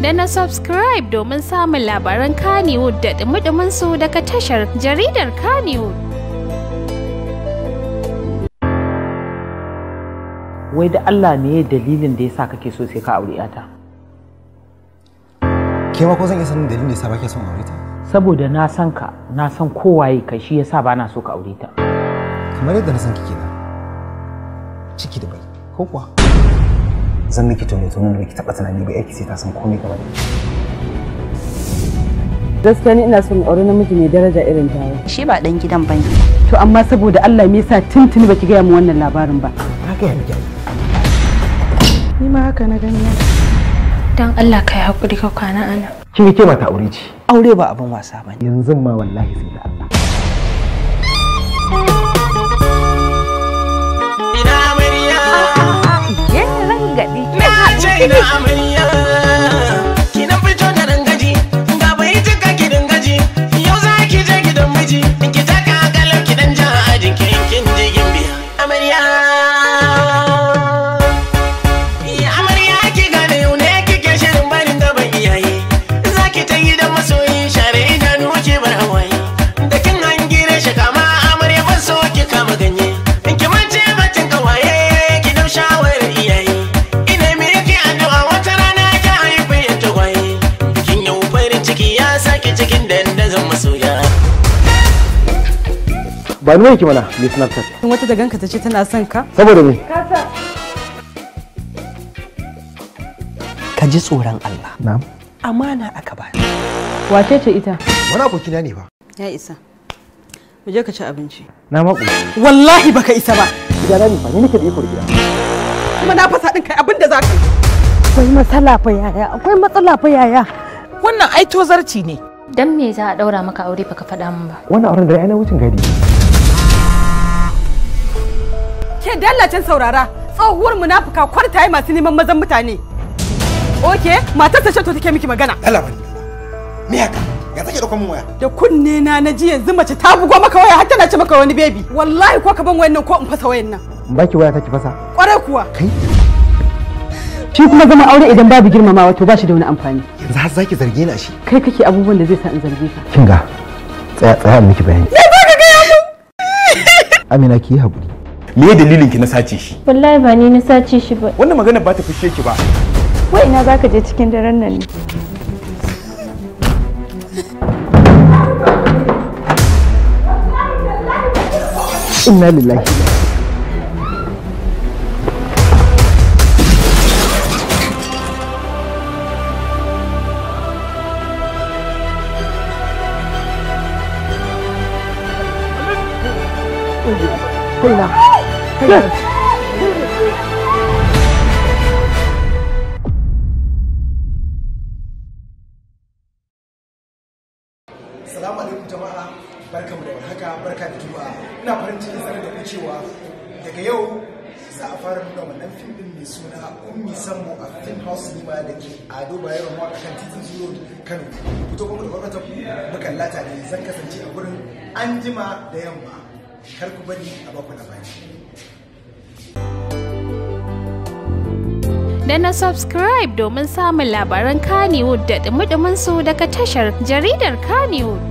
da na subscribe domin samun labaran Kannywood da dumi su daga tashar jaridar Kannywood. Wai da Allah ne dalilin da ya sa kake so sai ka aure ta. Ke ma ko zan iya sanin dalilin da ya sa ba ke son aure ta? Saboda na san ka, na san kowaye ka shi ya sa ba na so ka aure ta. Kamar yadda na san kike na. Ciki da bai, ko kuwa? zan miki tono-tono da baki taɓa tunani ba ki sai ta san komai game da gaskiya ni ina son aure namiji mai daraja irin tawa shi ba dan gidan bane to amma saboda Allah me yasa tuntuni baki gaya mu wannan labarin ba ka ga yanki ni ma haka na gani dan Allah kai hakuri ka kwana ana kin ke mata aure ce aure ba abin wasa bane yanzu ma wallahi sai da Allah I'm ba ni yake mana ni snapchat tun wata da ganka ta ce tana son ka saboda me ka ji tsoron Allah na'am amana aka ba wace ce ita wani abokina ne ba ya isa mu je ka ci abinci na maku wallahi baka isa ba ya rani ba ni nake da iko gida kuma na fasa din kai abin da zaka yi akwai matsala fa yaya akwai matsala fa yaya wannan ai tozarci ne dan me za a daura maka aure baka faɗa min ba wannan auren da ai na wucin gadi ke dallacin saurara tsohuwar munafuka kwartaye masu neman mazan mutane oke matar ta to take miki magana Allah bani me haka ya take dokon waya da kunne na na ji yanzu mace ta bugo maka waya har tana ce maka wani baby wallahi ko ka ban wayan nan ko in fasa wayan nan in baki waya take fasa Kware kuwa kai shi kuma zama aure idan babu girmamawa to ba shi da wani amfani yanzu har zaki zarge ni a shi kai kake abubuwan da zai sa in zarge ka kinga tsaya tsaya miki bayani Amina ki yi haƙuri. me dalilin ki na sace shi wallahi ba ni na sace shi ba wannan magana ba ta fushe ki ba wai ina zaka je cikin daren nan ne inna lillahi Kullum. Salamu alaikum jama'a barkamu da warhaka barka da juma'a ina farin cikin sanar da ku cewa daga yau za a fara nuna wannan fim din mai suna ummi sammo a film house cinema da ke ado Bayero, ma a titin kano fito kuma da kwarkwata ku mukan lata ne zan kasance a wurin anjima da yamma kar ku bari a baku na da na subscribe domin samun labaran Kannywood da dumi su daga tashar jaridar Kannywood.